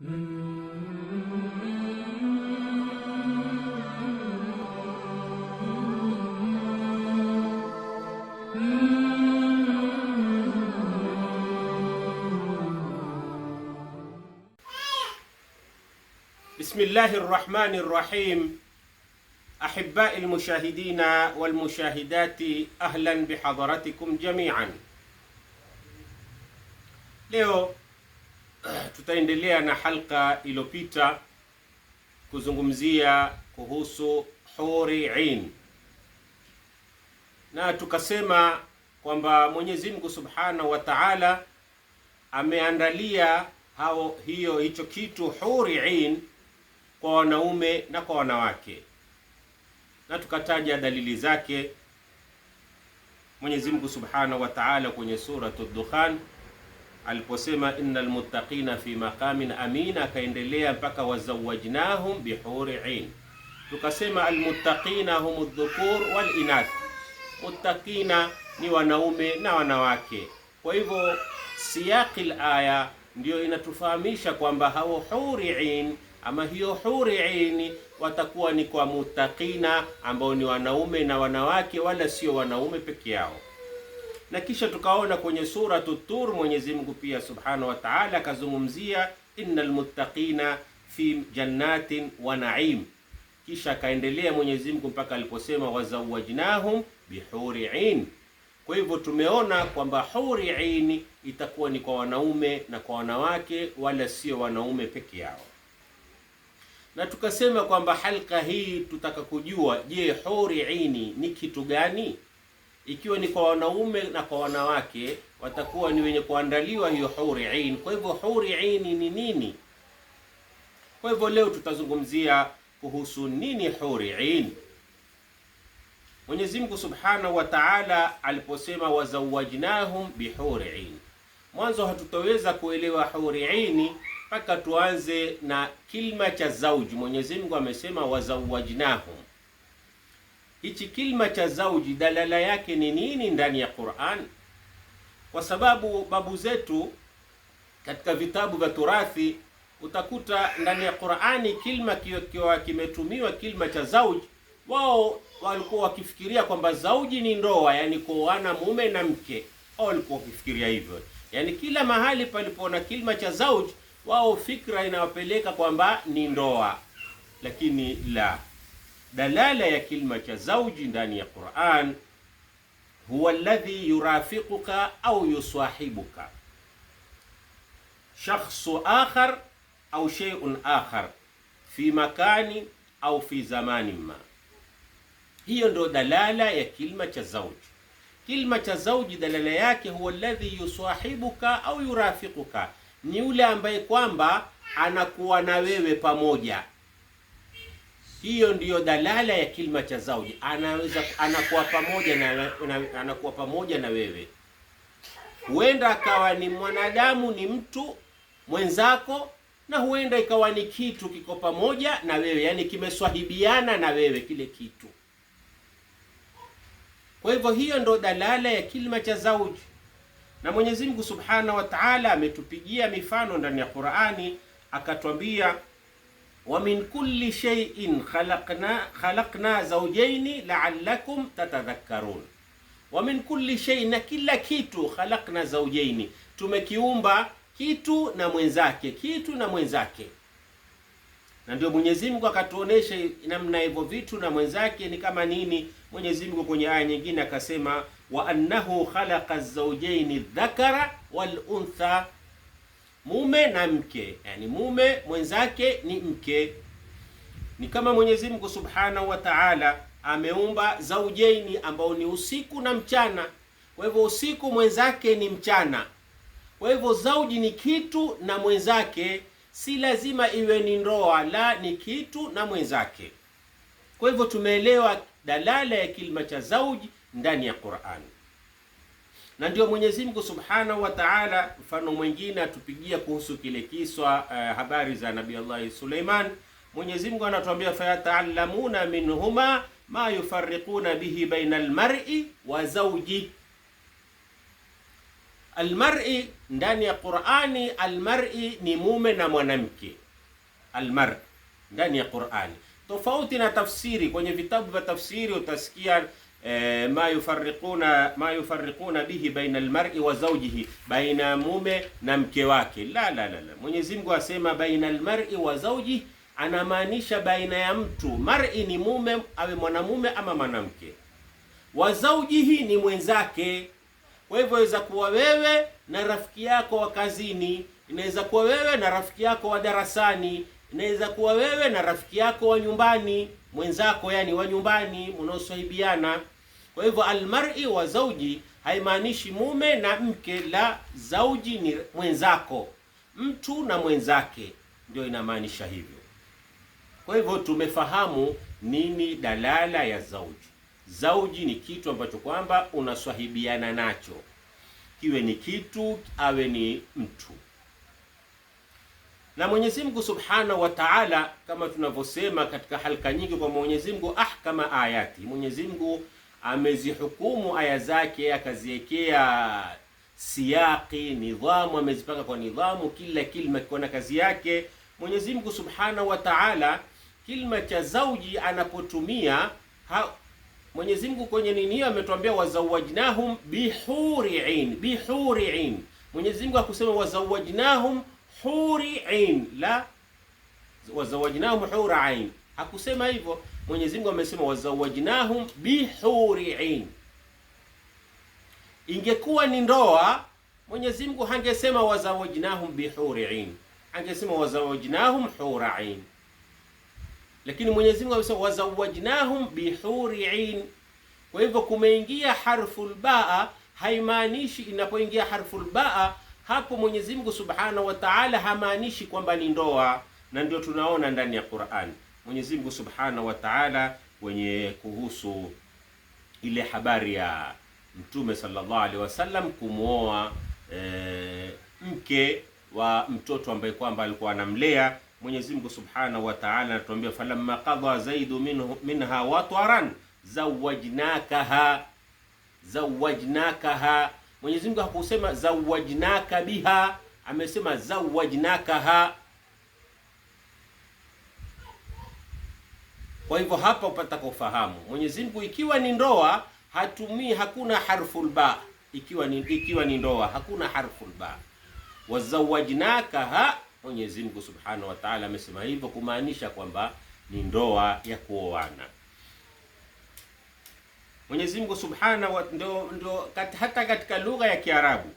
بسم الله الرحمن الرحيم أحباء المشاهدين والمشاهدات أهلا بحضرتكم جميعا ليو tutaendelea na halka iliyopita kuzungumzia kuhusu huri ain, na tukasema kwamba Mwenyezi Mungu Subhanahu wa Ta'ala ameandalia hao hiyo hicho kitu huri ain kwa wanaume na kwa wanawake, na tukataja dalili zake Mwenyezi Mungu Subhanahu wa Ta'ala kwenye suratu Dukhan aliposema innal muttaqina fi maqamin amin, akaendelea mpaka wazawajnahum bihuri ain. Tukasema almuttaqina hum dhukur wal inath, muttaqina ni wanaume na wanawake. Kwa hivyo siyaqi aya ndiyo inatufahamisha kwamba hao huri ain ama hiyo huri aini watakuwa ni kwa muttaqina ambao ni wanaume na wanawake, wala sio wanaume peke yao na kisha tukaona kwenye suratu Tur Mwenyezi Mungu pia subhanahu wa taala akazungumzia innal muttaqina fi jannatin wa naim, kisha akaendelea Mwenyezi Mungu mpaka aliposema wazawajnahum bihuriin. Kwa hivyo tumeona kwamba ini itakuwa ni kwa wanaume na kwa wanawake, wala sio wanaume peke yao, na tukasema kwamba halka hii tutaka kujua, je, ini ni kitu gani? ikiwa ni kwa wanaume na kwa wanawake, watakuwa ni wenye kuandaliwa hiyo huri ain. Kwa hivyo huri ain ni nini? Kwa hivyo leo tutazungumzia kuhusu nini huri ain. Mwenyezi Mungu Subhanahu wa Ta'ala aliposema wazawajnahum bihuri ain, mwanzo hatutoweza kuelewa huri ain mpaka tuanze na kilma cha zauji. Mwenyezi Mungu amesema wazawajnahum hichi kilma cha zauji dalala yake ni nini ndani ya Qur'an? Kwa sababu babu zetu katika vitabu vya turathi utakuta ndani ya Qur'ani kilma kikiwa kimetumiwa kilma cha zauji, wao walikuwa wakifikiria kwamba zauji ni ndoa, yani kuoana mume na mke. Wao walikuwa wakifikiria hivyo, yani kila mahali palipoona kilma cha zauji, wao fikra inawapeleka kwamba ni ndoa, lakini la dalala ya kilma cha zauji ndani ya Qur'an, huwa alladhi yurafiquka au yusahibuka shakhsu akhar au shay'un akhar fi makani au fi zamani ma. Hiyo ndo dalala ya kilma cha zauji. kilma cha zauji dalala yake huwa alladhi yusahibuka au yurafiquka, ni yule ambaye kwamba anakuwa na wewe pamoja hiyo ndiyo dalala ya kilima cha zauji, anaweza anakuwa pamoja na, na anakuwa pamoja na wewe. Huenda akawa ni mwanadamu, ni mtu mwenzako, na huenda ikawa ni kitu kiko pamoja na wewe, yaani kimeswahibiana na wewe kile kitu. Kwa hivyo hiyo ndo dalala ya kilima cha zauji, na Mwenyezi Mungu Subhanahu wa Ta'ala ametupigia mifano ndani ya Qur'ani akatwambia wa min kulli shay'in khalaqna khalaqna zawjaini la'allakum tatadhakkarun. Wa min kulli shay'in, na kila kitu, khalaqna zawjaini, tumekiumba kitu na mwenzake, kitu na mwenzake. Na ndio Mwenyezi Mungu akatuonesha namna hivyo vitu na mwenzake ni kama nini. Mwenyezi Mungu kwenye aya nyingine akasema, wa annahu khalaqa zawjaini dhakara wal untha mume na mke, yani mume mwenzake ni mke. Ni kama Mwenyezi Mungu Subhanahu wa Ta'ala ameumba zaujaini ambao ni usiku na mchana. Kwa hivyo usiku mwenzake ni mchana. Kwa hivyo zauji ni kitu na mwenzake, si lazima iwe ni ndoa, la ni kitu na mwenzake. Kwa hivyo tumeelewa dalala ya kilima cha zauji ndani ya Qur'an na ndio Mwenyezi Mungu Subhanahu wa Ta'ala mfano mwingine atupigia kuhusu kile kiswa eh, habari za Nabii Allah Suleiman. Mwenyezi Mungu anatuambia fayata'allamuna minhuma ma yufarriquna bihi baina almar'i wa zawji. Almar'i ndani ya Qur'ani, almar'i ni mume na mwanamke. Almar'i ndani ya Qur'ani, tofauti na tafsiri. Kwenye vitabu vya tafsiri utasikia E, ma yufarriquna ma yufarriquna bihi baina almar'i wa zawjihi, baina mume na mke wake. La, la, la, la. Mwenyezi Mungu asema baina almar'i wa zawjihi, anamaanisha baina ya mtu. Mar'i ni mume, awe mwanamume ama mwanamke. Wa zawjihi ni mwenzake. Kwa hivyo inaweza kuwa wewe na rafiki yako wa kazini, inaweza kuwa wewe na rafiki yako wa darasani, inaweza kuwa wewe na rafiki yako wa nyumbani, mwenzako yani wa nyunaoswahibiana kwa hivyo almar'i wa zauji haimaanishi mume na mke, la zauji ni mwenzako, mtu na mwenzake, ndio inamaanisha hivyo. Kwa hivyo tumefahamu nini dalala ya zauji. Zauji ni kitu ambacho kwamba unaswahibiana nacho, kiwe ni kitu, awe ni mtu. Na Mwenyezi Mungu Subhanahu wa Ta'ala, kama tunavyosema katika halka nyingi, kwa Mwenyezi Mungu ahkama ayati, Mwenyezi Mungu amezihukumu aya zake, akaziwekea siyaki, nidhamu, amezipaka kwa nidhamu, kila kilma kikiwa na kazi yake. Mwenyezi Mungu Subhanahu wa Ta'ala, kilma cha zauji anapotumia Mwenyezi Mungu kwenye nini hiyo ametuambia, wazawajnahum bihuriin bihuriin. Mwenyezi Mungu akusema wazawajnahum huriin la wazawajnahum hura hakusema hivyo. Mwenyezi Mungu amesema wazawajnahum bihuriin. Ingekuwa ni ndoa, Mwenyezi Mungu hangesema wazawajnahum bihuriin, angesema wazawajnahum hura lakini Mwenyezi Mungu amesema wazawajnahum bihuriin. Kwa hivyo kumeingia harful baa, haimaanishi inapoingia harful baa hapo Mwenyezi Mungu Subhanahu wa Ta'ala hamaanishi kwamba ni ndoa, na ndio tunaona ndani ya Qur'an. Mwenyezi Mungu Subhanahu wa Ta'ala wenye kuhusu ile habari ya Mtume sallallahu alaihi wasallam kumwoa e, eh, mke wa mtoto ambaye kwamba alikuwa anamlea. Mwenyezi Mungu Subhanahu wa Ta'ala anatuambia falamma qadha zaidu minhu, minha watwaran zawajnakaha zawajnakaha. Mwenyezi Mungu hakusema zawajnaka biha, amesema zawajnakaha Kwa hivyo hapa upata kufahamu Mwenyezi Mungu, ikiwa ni ndoa hatumii, hakuna harful ba. Ikiwa ni ikiwa ni ndoa hakuna harful ba. ha, Mwenyezi Mungu Subhanahu wa Ta'ala amesema hivyo kumaanisha kwamba ni ndoa ya kuoana. Mwenyezi Mungu Subhanahu wa ndo, ndo kat, hata katika lugha ya Kiarabu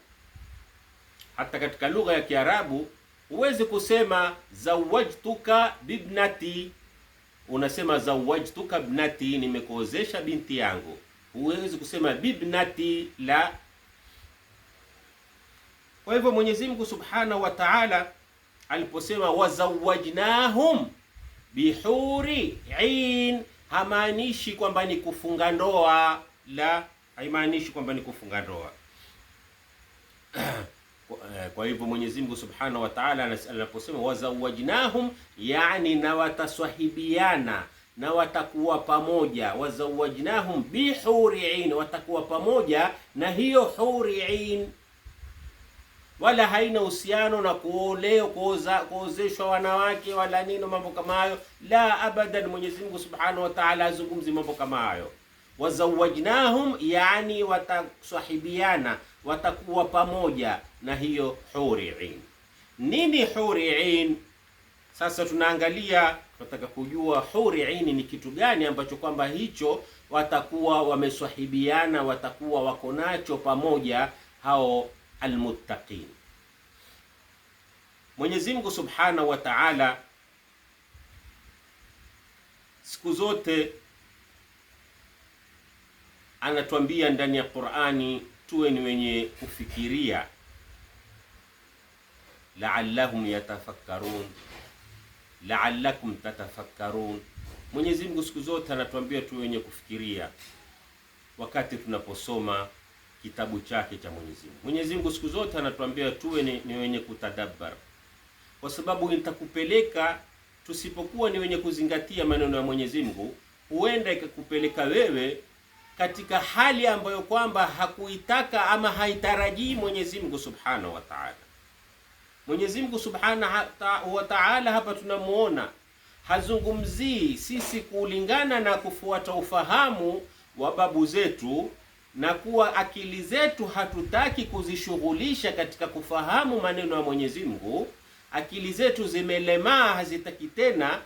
hata katika lugha ya Kiarabu huwezi kusema zawajtuka bibnati unasema zawajtuka bnati, nimekuozesha binti yangu. Huwezi kusema bibnati, la. Kwa hivyo Mwenyezi Mungu Subhanahu wa Ta'ala aliposema wazawajnahum bihuri ain, hamaanishi kwamba ni kufunga ndoa, la, haimaanishi kwamba ni kufunga ndoa Eh, kwa hivyo Mwenyezi Mungu Subhanahu wa Ta'ala anaposema wazawajnahum, yani na wataswahibiana na watakuwa pamoja, wazawajnahum bihuriin, watakuwa pamoja na hiyo huriin, wala haina uhusiano na kuoleo kuoza, kuozeshwa wanawake wala nini, mambo kama hayo, la abadan. Mwenyezi Mungu Subhanahu wa Ta'ala azungumzi mambo kama hayo. Wazawajnahum yani wataswahibiana, watakuwa pamoja na hiyo huri ain. Nini huri ain? Sasa tunaangalia, tunataka kujua huri ain ni kitu gani ambacho kwamba hicho watakuwa wameswahibiana, watakuwa wako nacho pamoja hao almuttaqin. Mwenyezi Mungu Subhanahu wa Ta'ala siku zote anatuambia ndani ya Qur'ani tuwe ni wenye kufikiria laallahum yatafakkarun, laallakum tatafakkarun. Mwenyezi Mungu siku zote anatuambia tu wenye kufikiria wakati tunaposoma kitabu chake cha Mwenyezi Mungu. Mwenyezi Mungu siku zote anatuambia tuwe ni, ni wenye kutadabbar, kwa sababu itakupeleka tusipokuwa ni wenye kuzingatia maneno ya Mwenyezi Mungu, huenda ikakupeleka wewe katika hali ambayo kwamba hakuitaka ama haitarajii Mwenyezi Mungu Subhanahu wa Ta'ala. Mwenyezi Mungu Subhanahu wa Ta'ala hapa tunamuona hazungumzii sisi kulingana na kufuata ufahamu wa babu zetu na kuwa akili zetu hatutaki kuzishughulisha katika kufahamu maneno ya Mwenyezi Mungu. Akili zetu zimelemaa, hazitaki tena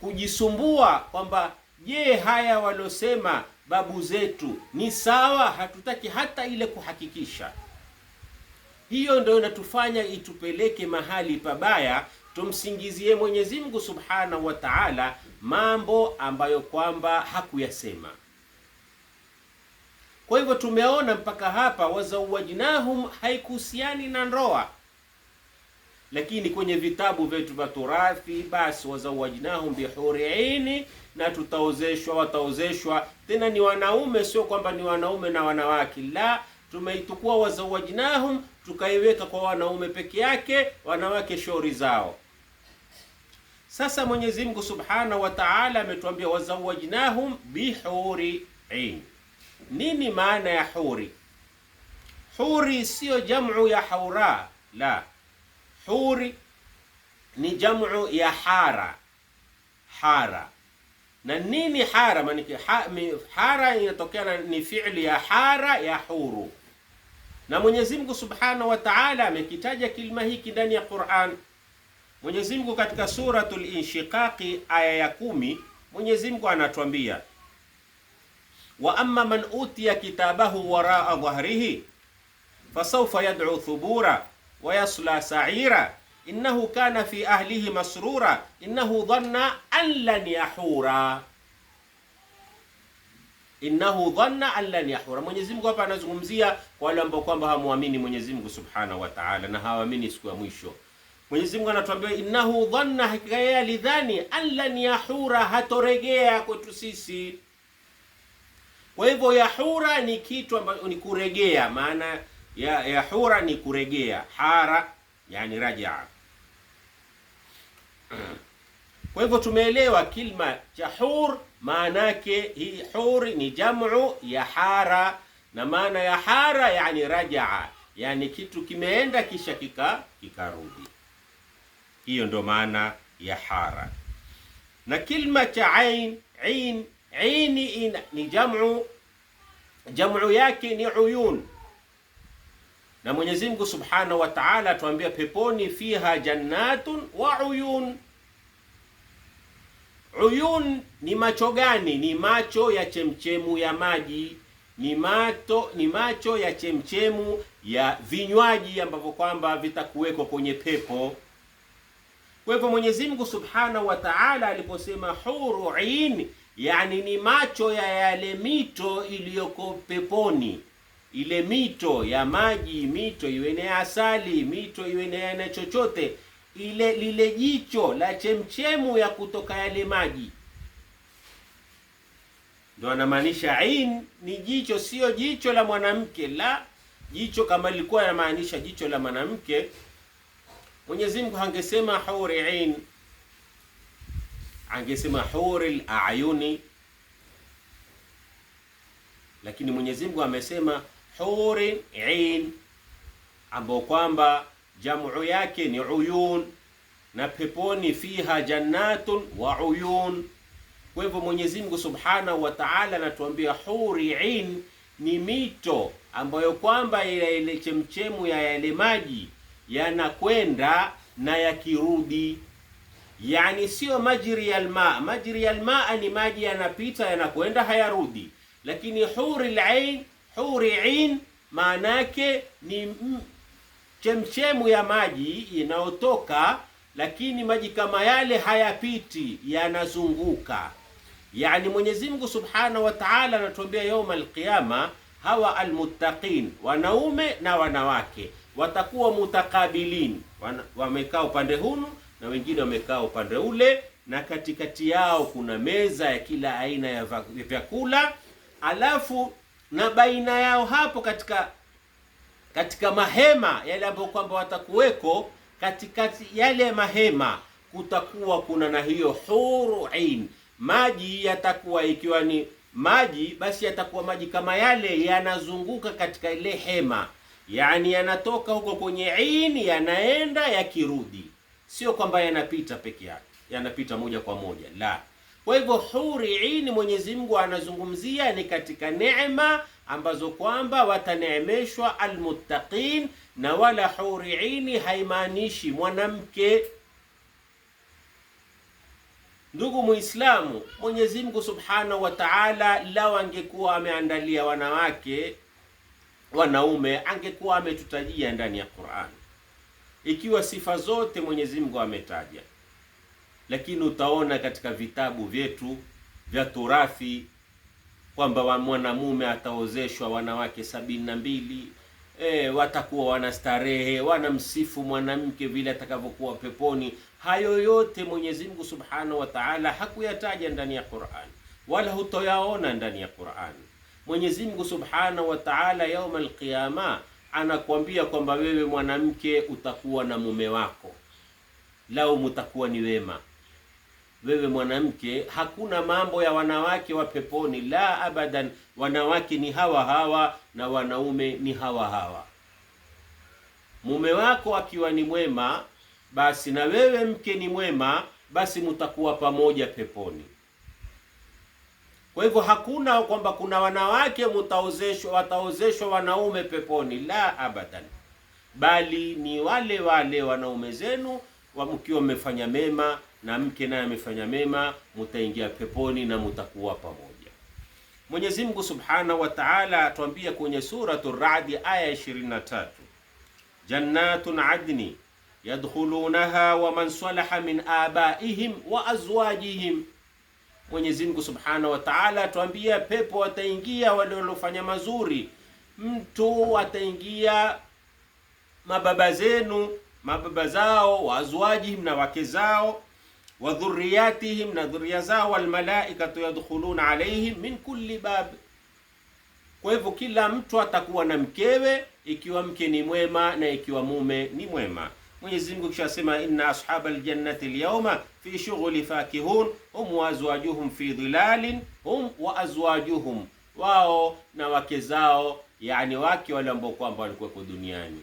kujisumbua kwamba je, haya walosema babu zetu ni sawa? Hatutaki hata ile kuhakikisha. Hiyo ndio inatufanya itupeleke mahali pabaya, tumsingizie Mwenyezi Mungu Subhanahu wa Ta'ala mambo ambayo kwamba hakuyasema. Kwa hivyo tumeona mpaka hapa, wazawajnahum haikuhusiani na ndoa, lakini kwenye vitabu vyetu vya turathi, basi wazawajnahum bihuriini, na tutaozeshwa, wataozeshwa tena, ni wanaume, sio kwamba ni wanaume na wanawake, la, tumeitukua wazawajnahum tukaiweka kwa wanaume peke yake, wanawake shauri zao. Sasa Mwenyezi Mungu Subhanahu wa Ta'ala ametuambia wazawajnahum bihuri ain. Nini maana ya huri? Huri siyo jamu ya haura, la. Huri ni jamu ya hara, hara. Na nini hara? Maana hara inatokea ni fi'li ya hara ya huru na Mwenyezi Mungu Subhanahu wa Ta'ala amekitaja kilima hiki ndani ya Qur'an. Mwenyezi Mungu katika suratul Inshiqaqi aya ya kumi, Mwenyezi Mungu anatuambia wa amma man utiya kitabahu waraa dhahrihi fasawfa yad'u thubura wa yasla sa'ira innahu kana fi ahlihi masrura innahu dhanna an lan yahura innahu dhanna an lan yahura. Mwenyezi Mungu hapa anazungumzia kwa wale ambao kwamba hamuamini Mwenyezi Mungu Subhanahu wa Ta'ala na hawaamini siku ya mwisho. Mwenyezi Mungu anatuambia innahu dhanna, hakika yeye alidhani, an lan yahura, hatoregea kwetu sisi. Kwa hivyo yahura ni kitu ambacho ni kuregea, maana ya yahura ni kuregea, hara yani rajaa. Kwa hivyo tumeelewa kilma hur maana yake hii huri ni jamu ya hara, na maana ya hara yani rajaa, yani kitu kimeenda kisha kika kikarudi. Hiyo ndo maana ya hara. Na kilma cha ain ain aini ni jamu, jamu yake ni uyun na Mwenyezi Mungu Subhanahu wa Ta'ala atuambia peponi, fiha jannatun wa uyun Uyun ni macho gani? Ni macho ya chemchemu ya maji, ni mato, ni macho ya chemchemu ya vinywaji ambavyo kwamba vitakuwekwa kwenye pepo. Kwa hivyo Mwenyezi Mungu Subhanahu wa Ta'ala aliposema huru ain, yani ni macho ya yale mito iliyoko peponi, ile mito ya maji, mito iwe na asali, mito iwe na chochote ile lile jicho la chemchemu ya kutoka yale maji, ndo anamaanisha ain ni jicho, sio jicho la mwanamke. La jicho kama lilikuwa anamaanisha jicho la mwanamke, Mwenyezi Mungu angesema huri ain, angesema huri alayuni, lakini Mwenyezi Mungu amesema huri ain, ambao kwamba jamu yake ni uyun, na peponi fiha jannatun wa uyun. Kwa hivyo Mwenyezi Mungu Subhanahu wa Ta'ala anatuambia huri in ni mito ambayo kwamba ile ile chemchemu ya yale maji yanakwenda na yakirudi, yani sio majri ya Majri ya ni maji yanapita yanakwenda hayarudi, lakini huri ain, huri in maana yake ni chemchemu ya maji inayotoka, lakini maji kama yale hayapiti, yanazunguka. Yani Mwenyezi Mungu Subhanahu wa Ta'ala anatuambia yaumul qiyama, hawa almuttaqin, wanaume na wanawake watakuwa mutakabilin, wamekaa upande hunu na wengine wamekaa upande ule, na katikati yao kuna meza ya kila aina ya vyakula, alafu na baina yao hapo katika katika mahema yale ambayo kwamba watakuweko katikati yale mahema, kutakuwa kuna na hiyo huru ain, maji yatakuwa ikiwa ni maji basi yatakuwa maji kama yale yanazunguka katika ile hema, yani yanatoka huko kwenye aini yanaenda yakirudi, sio kwamba yanapita peke yake, yanapita moja kwa moja la kwa hivyo huri ini Mwenyezi Mungu anazungumzia ni katika neema ambazo kwamba wataneemeshwa almuttaqin, na wala huri ini haimaanishi mwanamke. Ndugu Muislamu, Mwenyezi Mungu Subhanahu wa Ta'ala, lao angekuwa ameandalia wanawake wanaume, angekuwa ametutajia ndani ya Qur'an, ikiwa sifa zote Mwenyezi Mungu ametaja lakini utaona katika vitabu vyetu vya turathi kwamba mwanamume ataozeshwa wanawake sabini na mbili. E, watakuwa wanastarehe, wanamsifu mwanamke vile atakavyokuwa peponi. Hayo yote Mwenyezi Mungu Subhanahu wa Ta'ala hakuyataja ndani ya Qur'an, wala hutoyaona ndani ya Qur'an. Mwenyezi Mungu Subhanahu wa Ta'ala yauma alqiyama anakuambia kwamba wewe mwanamke utakuwa na mume wako, lau mutakuwa ni wema wewe mwanamke, hakuna mambo ya wanawake wa peponi, la abadan. Wanawake ni hawa hawa na wanaume ni hawa hawa. Mume wako akiwa ni mwema, basi na wewe mke ni mwema, basi mtakuwa pamoja peponi. Kwa hivyo hakuna kwamba kuna wanawake mtaozeshwa wataozeshwa wanaume peponi, la abadan, bali ni wale wale wanaume zenu mkiwa mmefanya mema na mke naye amefanya mema, mtaingia peponi na mtakuwa pamoja. Mwenyezi Mungu Subhanahu wa Ta'ala atuambia kwenye suratul Ra'd aya 23, jannatun adni yadkhulunaha wa man salaha min abaihim wa azwajihim. Mwenyezi Mungu Subhanahu wa Ta'ala atuambia pepo wataingia wale waliofanya mazuri. Mtu ataingia mababa zenu, mababa zao, waazwajihim, na wake zao wa dhurriyatihim, na dhuria zao, walmalaikatu yadkhuluna alayhim min kulli bab. Kwa hivyo kila mtu atakuwa na mkewe, ikiwa mke ni mwema na ikiwa mume ni mwema. Mwenyezi Mungu kisha asema, inna ashabal aljannati alyawma fi shughuli fakihun hum wa azwajuhum fi dhilalin hum wa azwajuhum, wao na wake zao, yani wake wale ambao kwamba walikuwa kwa duniani,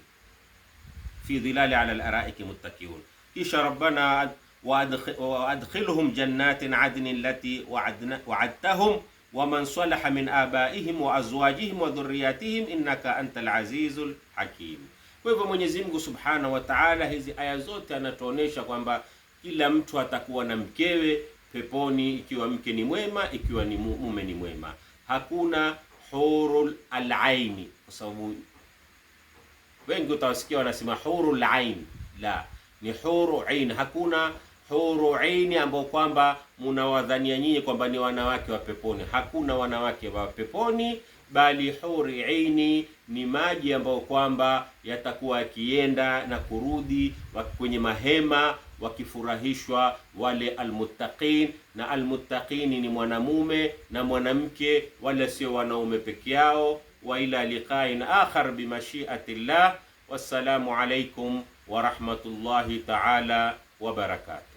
fi dhilali ala alaraiki muttakiun. Kisha rabbana waadkhilhum jannatin adnin lati waadtahum waman salaha min abaihim wa azwajihim wa dhurriyatihim innaka antal Kwa hivyo Mwenyezi Mungu Subhanahu wa Ta'ala, hizi aya zote anatuonesha kwamba kila mtu atakuwa na mkewe peponi, ikiwa mke ni mwema, ikiwa ni mume ni mwema. Hakuna hurul alaini, kwa sababu wengi utawasikia wanasema hurul ain. La, ni huru ain, hakuna huru aini ambao kwamba mnawadhania nyinyi kwamba ni wanawake wa peponi. Hakuna wanawake wa peponi, bali huri aini ni maji ambayo kwamba yatakuwa yakienda na kurudi kwenye mahema wakifurahishwa wale almuttaqin. Na almuttaqini ni mwanamume na mwanamke, wala sio wanaume peke yao. Wa ila liqain akhar bimashiatillah. Wassalamu alaikum wa rahmatullahi ta'ala wa barakatuh.